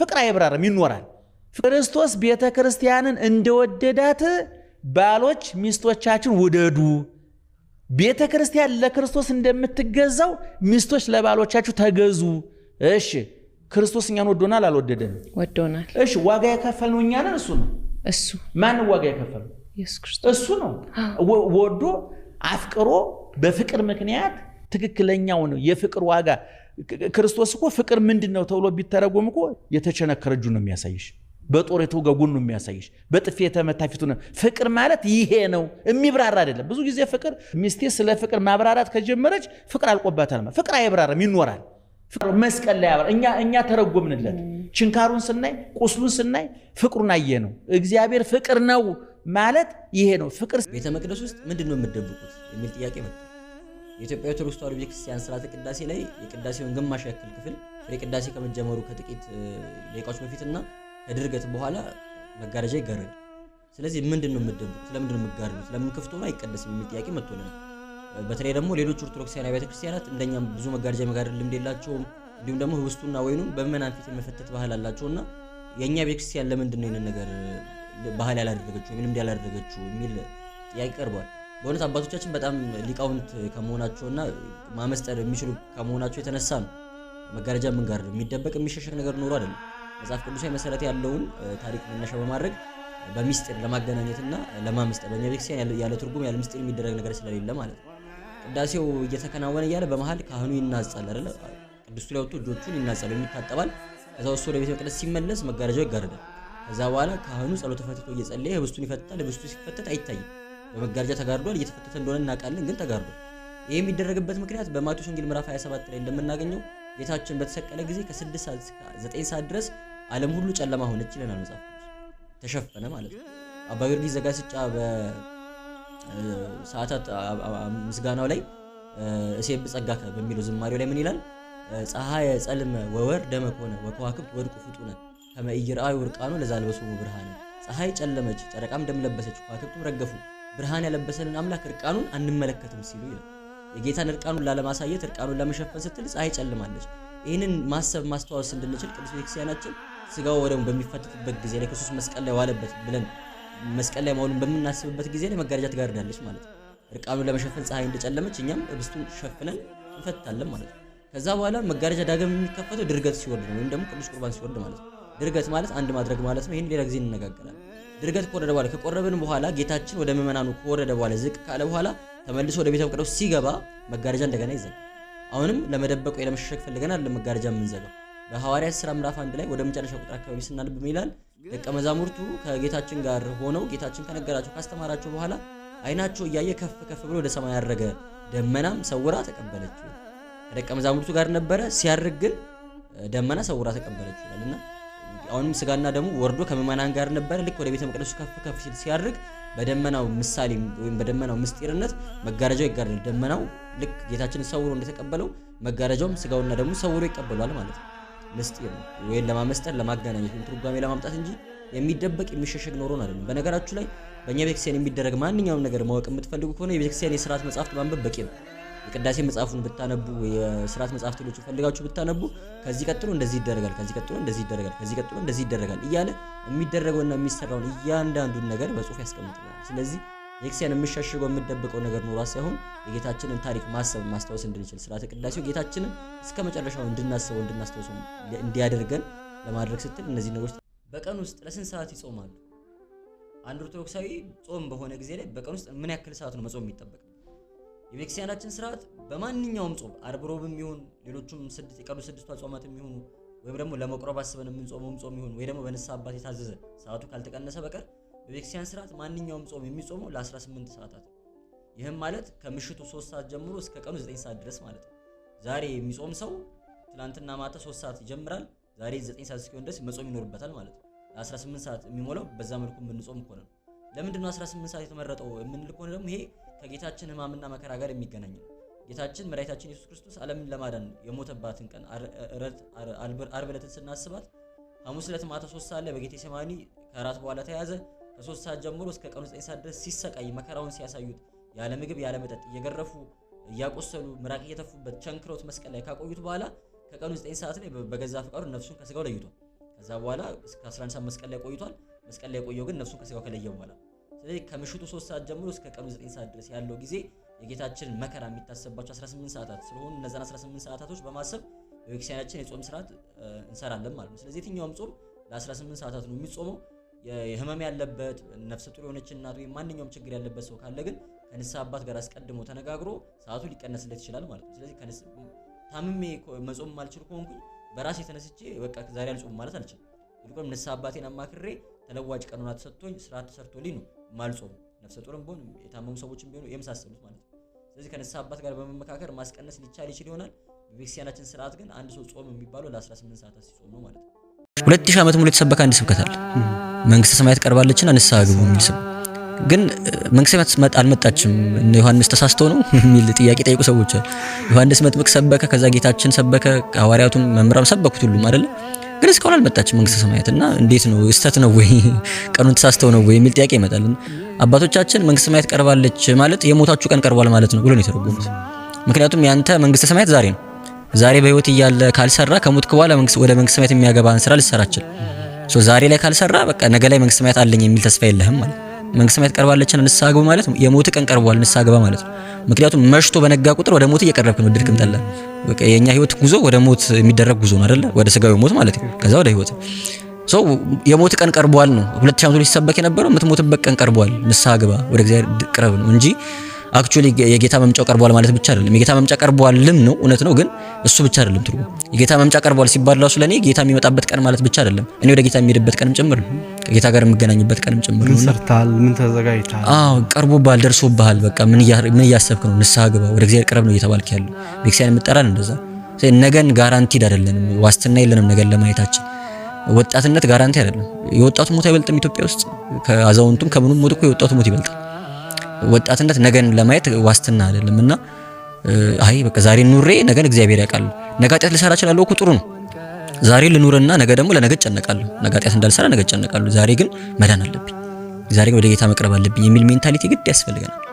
ፍቅር አይብራርም ይኖራል። ክርስቶስ ቤተ ክርስቲያንን እንደወደዳት ባሎች ሚስቶቻችን ውደዱ። ቤተ ክርስቲያን ለክርስቶስ እንደምትገዛው ሚስቶች ለባሎቻችሁ ተገዙ። እሺ ክርስቶስ እኛን ወዶናል አልወደደን? ወዶናል። እሺ ዋጋ የከፈልነው እኛ እሱ ነው እሱ ማን ዋጋ የከፈልነው እሱ ነው። ወዶ አፍቅሮ በፍቅር ምክንያት ትክክለኛውን የፍቅር ዋጋ ክርስቶስ እኮ ፍቅር ምንድን ነው ተብሎ ቢተረጎም እኮ የተቸነከረ እጁ ነው የሚያሳይሽ፣ በጦር የተወጋጉን ነው የሚያሳይሽ፣ በጥፊ የተመታ ፊቱ ነው። ፍቅር ማለት ይሄ ነው፣ የሚብራራ አይደለም። ብዙ ጊዜ ፍቅር ሚስቴ ስለ ፍቅር ማብራራት ከጀመረች ፍቅር አልቆባታል። ፍቅር አይብራራም፣ ይኖራል። መስቀል ላይ ያብራ። እኛ እኛ ተረጎምንለት። ችንካሩን ስናይ፣ ቁስሉን ስናይ ፍቅሩን አየ ነው። እግዚአብሔር ፍቅር ነው ማለት ይሄ ነው። ፍቅር ቤተ መቅደስ ውስጥ ምንድን ነው የምትደብቁት የሚል ጥያቄ መጣ። የኢትዮጵያ ኦርቶዶክስ ተዋሕዶ ቤተክርስቲያን ስርዓተ ቅዳሴ ላይ የቅዳሴውን ግማሽ ያክል ክፍል ፍሬ ቅዳሴ ከመጀመሩ ከጥቂት ደቂቃዎች በፊትና ከድርገት በኋላ መጋረጃ ይጋረዳል። ስለዚህ ምንድን ነው የምትደብቁት? ለምንድን ነው የምትጋርዱት? ለምን ክፍት ሆኖ አይቀደስም የሚል ጥያቄ መጥቶልናል። በተለይ ደግሞ ሌሎች ኦርቶዶክሳውያን አብያተ ክርስቲያናት እንደኛም ብዙ መጋረጃ መጋረድ ልምድ የላቸውም። እንዲሁም ደግሞ ህብስቱና ወይኑም በምዕመናን ፊት የመፈተት ባህል አላቸውና የእኛ ቤተክርስቲያን ለምንድን ነው ይህንን ነገር ባህል ያላደረገችው ወይም ልምድ ያላደረገችው የሚል ጥያቄ ቀርቧል። በእውነት አባቶቻችን በጣም ሊቃውንት ከመሆናቸውና ማመስጠር የሚችሉ ከመሆናቸው የተነሳ ነው መጋረጃ ምንጋር የሚደበቅ የሚሸሸግ ነገር ኖሮ አይደለም። መጽሐፍ ቅዱሳዊ መሰረት ያለውን ታሪክ መነሻ በማድረግ በሚስጢር ለማገናኘትና ለማመስጠር በእኛ ቤተክርስቲያን ያለ ትርጉም ያለ ምስጢር የሚደረግ ነገር ስለሌለ ማለት ነው። ቅዳሴው እየተከናወነ እያለ በመሀል ካህኑ ይናጻል አለ ቅዱስ ላይ ወጥቶ እጆቹን ይናጻል የሚታጠባል። ከዛ ወስዶ ወደ ቤተ መቅደስ ሲመለስ መጋረጃው ይጋረዳል። ከዛ በኋላ ካህኑ ጸሎተ ፈትቶ እየጸለየ ህብስቱን ይፈታል። ህብስቱ ሲፈተት አይታይም። በመጋረጃ ተጋርዷል፣ እየተፈተተ እንደሆነ እናውቃለን፣ ግን ተጋርዷል። ይህ የሚደረግበት ምክንያት በማቴዎስ ወንጌል ምዕራፍ 27 ላይ እንደምናገኘው ጌታችን በተሰቀለ ጊዜ ከ6 ሰዓት እስከ 9 ሰዓት ድረስ ዓለም ሁሉ ጨለማ ሆነች ይለናል መጽሐፍ ተሸፈነ ማለት ነው። አባ ጊዮርጊስ ዘጋስጫ በሰዓታት ምስጋናው ላይ እሴብ ጸጋከ በሚለው ዝማሬው ላይ ምን ይላል? ፀሐይ ጸልመ ወወር ደመ ኮነ ወከዋክብት ወድቁ ፍጡነ ከመ ኢይርአዩ ወርቃኑ ለዛልበሱ ብርሃነ። ፀሐይ ጨለመች፣ ጨረቃም ደም ለበሰች፣ ከዋክብትም ረገፉ ብርሃን ያለበሰልን አምላክ እርቃኑን አንመለከትም ሲሉ ይላል። የጌታን እርቃኑን ላለማሳየት እርቃኑን ለመሸፈን ስትል ፀሐይ ጨልማለች። ይህንን ማሰብ ማስተዋወስ እንድንችል ቅዱስ ቤተክርስቲያናችን ስጋው ወደሙ በሚፈተትበት ጊዜ ላይ ክርስቶስ መስቀል ላይ ዋለበት ብለን መስቀል ላይ መሆኑን በምናስብበት ጊዜ ላይ መጋረጃ ትጋርዳለች ማለት ነው። እርቃኑን ለመሸፈን ፀሐይ እንደጨለመች እኛም ህብስቱን ሸፍነን እንፈታለን ማለት ነው። ከዛ በኋላ መጋረጃ ዳግም የሚከፈተው ድርገት ሲወርድ ነው፣ ወይም ደግሞ ቅዱስ ቁርባን ሲወርድ ማለት ነው። ድርገት ማለት አንድ ማድረግ ማለት ነው። ይህን ሌላ ጊዜ እንነጋገራለን። ድርገት ከወረደ በኋላ ከቆረብን በኋላ ጌታችን ወደ ምዕመናኑ ከወረደ በኋላ ዝቅ ካለ በኋላ ተመልሶ ወደ ቤተ መቅደስ ሲገባ መጋረጃ እንደገና ይዘጋል። አሁንም ለመደበቅ ወይ ለመሸሸግ ፈልገናል ለመጋረጃ የምንዘጋው። በሐዋርያት ሥራ ምዕራፍ አንድ ላይ ወደ መጨረሻ ቁጥር አካባቢ ስናልብ ይላል ደቀ መዛሙርቱ ከጌታችን ጋር ሆነው ጌታችን ከነገራቸው ካስተማራቸው በኋላ ዓይናቸው እያየ ከፍ ከፍ ብሎ ወደ ሰማይ ያረገ፣ ደመናም ሰውራ ተቀበለችው። ከደቀ መዛሙርቱ ጋር ነበረ ሲያርግ ግን ደመና ሰውራ ተቀበለችው ይላልና አሁንም ስጋና ደሙ ወርዶ ከምእመናን ጋር ነበረ። ልክ ወደ ቤተ መቅደሱ ከፍ ከፍ ሲል ሲያድርግ በደመናው ምሳሌ ወይም በደመናው ምስጢርነት መጋረጃው ይጋረዳል። ደመናው ልክ ጌታችን ሰውሮ እንደተቀበለው መጋረጃውም ስጋውና ደሙ ሰውሮ ይቀበሏል ማለት ነው። ምስጢር ነው ወይም ለማመስጠር ለማገናኘት፣ ትርጓሜ ለማምጣት እንጂ የሚደበቅ የሚሸሸግ ኖሮን አይደለም። በነገራችሁ ላይ በእኛ ቤተክርስቲያን የሚደረግ ማንኛውም ነገር ማወቅ የምትፈልጉ ከሆነ የቤተክርስቲያን የስርዓት መጽሐፍት ማንበብ በቂ ነው። የቅዳሴ መጽሐፉን ብታነቡ የስርዓት መጽሐፍ ትሎቹ ፈልጋችሁ ብታነቡ ከዚህ ቀጥሎ እንደዚህ ይደረጋል፣ ከዚህ ቀጥሎ እንደዚህ ይደረጋል፣ ከዚህ ቀጥሎ እንደዚህ ይደረጋል እያለ የሚደረገውና የሚሰራውን እያንዳንዱን ነገር በጽሁፍ ያስቀምጥልናል። ስለዚህ የክርስቲያን የምሻሽገው የምደብቀው ነገር ኖሯ ሳይሆን የጌታችንን ታሪክ ማሰብ ማስታወስ እንድንችል ስርዓተ ቅዳሴው ጌታችንን እስከ መጨረሻው እንድናስበው እንድናስታውሱ እንዲያደርገን ለማድረግ ስትል እነዚህ ነገሮች በቀን ውስጥ ለስንት ሰዓት ይጾማሉ? አንድ ኦርቶዶክሳዊ ጾም በሆነ ጊዜ ላይ በቀን ውስጥ ምን ያክል ሰዓት ነው መጾም የሚጠበቅ? የቤተክርስቲያናችን ስርዓት በማንኛውም ጾም አርብ ሮብም ይሁን ሌሎቹም ስድስት የቀሩ ስድስቱ ጾማት የሚሆኑ ወይም ደግሞ ለመቁረብ አስበን የምንጾመውም ጾም ይሁን ወይ ደግሞ በንስሐ አባት የታዘዘ ሰዓቱ ካልተቀነሰ በቀር በቤተክርስቲያን ስርዓት ማንኛውም ጾም የሚጾመው ለ18 ሰዓታት ይህም ማለት ከምሽቱ 3 ሰዓት ጀምሮ እስከ ቀኑ 9 ሰዓት ድረስ ማለት ነው። ዛሬ የሚጾም ሰው ትናንትና ማታ 3 ሰዓት ይጀምራል፣ ዛሬ 9 ሰዓት እስኪሆን ድረስ መጾም ይኖርበታል ማለት ነው። ለ18 ሰዓት የሚሞላው በዛ መልኩ የምንጾም ከሆነ ነው። ለምንድን ነው 18 ሰዓት የተመረጠው የምንል ከሆነ ደግሞ ይሄ ከጌታችን ሕማምና መከራ ጋር የሚገናኝ ነው። ጌታችን መድኃኒታችን ኢየሱስ ክርስቶስ ዓለምን ለማዳን የሞተባትን ቀን አርብ ዕለትን ስናስባት፣ ሐሙስ ዕለት ማታ ሶስት ሰዓት ላይ በጌቴ ሰማኒ ከእራት በኋላ ተያዘ። ከሶስት ሰዓት ጀምሮ እስከ ቀኑ ዘጠኝ ሰዓት ድረስ ሲሰቃይ መከራውን ሲያሳዩት ያለ ምግብ ያለ መጠጥ እየገረፉ እያቆሰሉ ምራቅ እየተፉበት ቸንክሮት መስቀል ላይ ካቆዩት በኋላ ከቀኑ ዘጠኝ ሰዓት ላይ በገዛ ፈቃዱ ነፍሱን ከስጋው ለይቷል። ከዛ በኋላ እስከ 11 ሰዓት መስቀል ላይ ቆይቷል። መስቀል ላይ የቆየው ግን ነፍሱን ከስጋው ከለየ በኋላ ስለዚህ ከምሽቱ 3 ሰዓት ጀምሮ እስከ ቀኑ 9 ሰዓት ድረስ ያለው ጊዜ የጌታችን መከራ የሚታሰባቸው 18 ሰዓታት ስለሆኑ እነዛን 18 ሰዓታቶች በማሰብ የክርስቲያናችን የጾም ስርዓት እንሰራለን ማለት ነው። ስለዚህ የትኛውም ጾም ለ18 ሰዓታት ነው የሚጾመው። የህመም ያለበት ነፍሰ ጡር የሆነች እናት ወይም ማንኛውም ችግር ያለበት ሰው ካለ ግን ከንስሐ አባት ጋር አስቀድሞ ተነጋግሮ ሰዓቱ ሊቀነስለት ይችላል ማለት ነው። ስለዚህ ታምሜ መጾም ማልችል ከሆንኩኝ በራሴ ተነስቼ በቃ ዛሬ አልጾም ማለት አልችልም። ይልቁንም ንስሐ አባቴን አማክሬ ተለዋጭ ቀኑና ተሰጥቶኝ ስርዓት ተሰርቶልኝ ነው ማልጾሙ ነፍሰ ጡርም ቢሆን የታመሙ ሰዎችም ቢሆኑ የመሳሰሉት ማለት ነው። ስለዚህ ከንስሐ አባት ጋር በመመካከር ማስቀነስ ሊቻል ይችል ይሆናል። በቤተክርስቲያናችን ስርዓት ግን አንድ ሰው ጾም የሚባለው ለ18 ሰዓታት ሲጾም ነው ማለት ነው። ሁለት ሺህ ዓመት ሙሉ የተሰበከ አንድ ስብከት አለ። መንግስተ ሰማያት ቀርባለችና ንስሐ ግቡ የሚል ግን መንግስተ ሰማያት አልመጣችም እነ ዮሐንስ ተሳስቶ ነው የሚል ጥያቄ ጠይቁ ሰዎች አሉ። ዮሐንስ መጥምቅ ሰበከ፣ ከዛ ጌታችን ሰበከ፣ ሐዋርያቱም መምህራም ሰበኩት ሁሉም አይደለም ግን እስካሁን አልመጣችም መንግስተ ሰማያት እና እንዴት ነው እስተት ነው ወይ ቀኑን ተሳስተው ነው ወይ የሚል ጥያቄ ይመጣል። አባቶቻችን መንግስተ ሰማያት ቀርባለች ማለት የሞታችሁ ቀን ቀርቧል ማለት ነው ብሎ ነው የተረጎሙት። ምክንያቱም ያንተ መንግስተ ሰማያት ዛሬ ነው። ዛሬ በህይወት እያለ ካልሰራ ከሞትክ በኋላ መንግስት ወደ መንግስተ ሰማያት የሚያገባን ስራ ልትሰራ አትችልም። ዛሬ ላይ ካልሰራ በቃ ነገ ላይ መንግስተ ሰማያት አለኝ የሚል ተስፋ የለህም ማለት ነው። መንግስተ ሰማያት ቀርባለችና ንስሐ ግቡ ማለት ነው። የሞት ቀን ቀርቧል፣ ንስሐ ግባ ማለት ነው። ምክንያቱም መሽቶ በነጋ ቁጥር ወደ ሞት እየቀረብክ ነው። ድርቅም ጠላ በቃ የኛ ህይወት ጉዞ ወደ ሞት የሚደረግ ጉዞ ነው አይደለ? ወደ ስጋዊ ሞት ማለት ነው። ከዛ ወደ ህይወት ሶ የሞት ቀን ቀርቧል ነው። ሁለት ሺህ ዓመት ሲሰበክ የነበረው የምትሞትበት ቀን ቀርቧል፣ ንስሐ ግባ፣ ወደ እግዚአብሔር ቅረብ ነው እንጂ አክቹሊ የጌታ መምጫ ቀርቧል ማለት ብቻ አይደለም። የጌታ መምጫ ቀርቧልም ነው እውነት ነው፣ ግን እሱ ብቻ አይደለም ትርጉም። የጌታ መምጫ ቀርቧል ሲባል ራሱ ለኔ ጌታ የሚመጣበት ቀን ማለት ብቻ አይደለም። እኔ ወደ ጌታ የሚሄድበት ቀንም ጭምር ነው፣ ከጌታ ጋር የምገናኝበት ቀንም ጭምር ነው። ሰርታል፣ ምን ተዘጋጅታል? አዎ ቀርቦብሃል፣ ደርሶብሃል። በቃ ምን እያሰብክ ነው? ንስሐ ግባ፣ ወደ እግዚአብሔር ቅረብ ነው እየተባልክ ያለው። ቤተክርስቲያን የምጠራን እንደዛ። ነገን ጋራንቲድ አይደለም፣ ዋስትና የለንም ነገን ለማየታችን ወጣትነት ጋራንቲ አይደለም። የወጣቱ ሞት አይበልጥም ኢትዮጵያ ውስጥ ከአዛውንቱም ከምኑም ሞት እኮ የወጣቱ ሞት ይበልጣል። ወጣትነት ነገን ለማየት ዋስትና አይደለም እና አይ በቃ ዛሬ ኑሬ ነገን እግዚአብሔር ያውቃል። ነገ ኃጢአት ልሰራ እችላለሁ እኮ ጥሩ ነው። ዛሬ ልኑርና ነገ ደግሞ ለነገ እጨነቃለሁ። ነገ ኃጢአት እንዳልሰራ ነገ እጨነቃለሁ። ዛሬ ግን መዳን አለብኝ፣ ዛሬ ግን ወደ ጌታ መቅረብ አለብኝ የሚል ሜንታሊቲ ግድ ያስፈልገናል።